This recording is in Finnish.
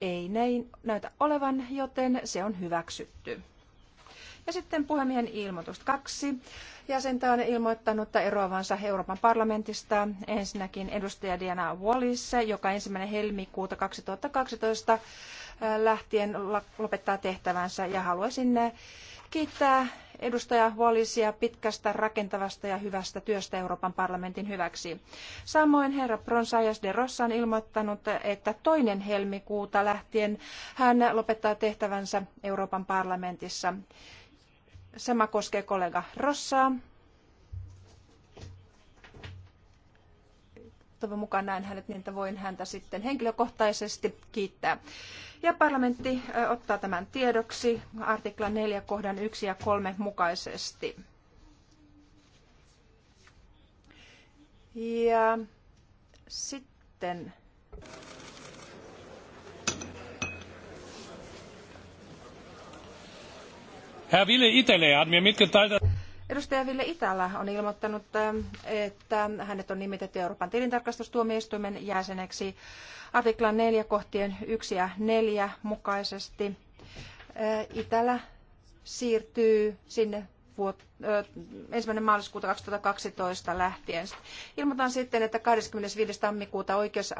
Ei näin näytä olevan, joten se on hyväksytty. Ja sitten puhemiehen ilmoitus kaksi. Jäsentä on ilmoittanut eroavansa Euroopan parlamentista. Ensinnäkin edustaja Diana Wallis, joka ensimmäinen helmikuuta 2012 äh, lähtien lopettaa tehtävänsä. Ja haluaisin äh, kiittää edustaja Wallisia pitkästä, rakentavasta ja hyvästä työstä Euroopan parlamentin hyväksi. Samoin herra Bronsaias de Rossa on ilmoittanut, että toinen helmikuuta lähtien hän lopettaa tehtävänsä Euroopan parlamentissa. Sama koskee kollega Rossaa, toivon mukaan näen hänet niin, että voin häntä sitten henkilökohtaisesti kiittää. Ja parlamentti ottaa tämän tiedoksi artikla 4 kohdan 1 ja 3 mukaisesti. Ja sitten... Herr Wille Itele hat mir mitgeteilt, dass... Edustaja Ville Itälä on ilmoittanut, että hänet on nimitetty Euroopan tilintarkastustuomioistuimen jäseneksi artiklan 4 kohtien 1 ja 4 mukaisesti. Itälä siirtyy sinne vuot, ensimmäinen maaliskuuta 2012 lähtien. Ilmoitan sitten, että 25. tammikuuta oikeus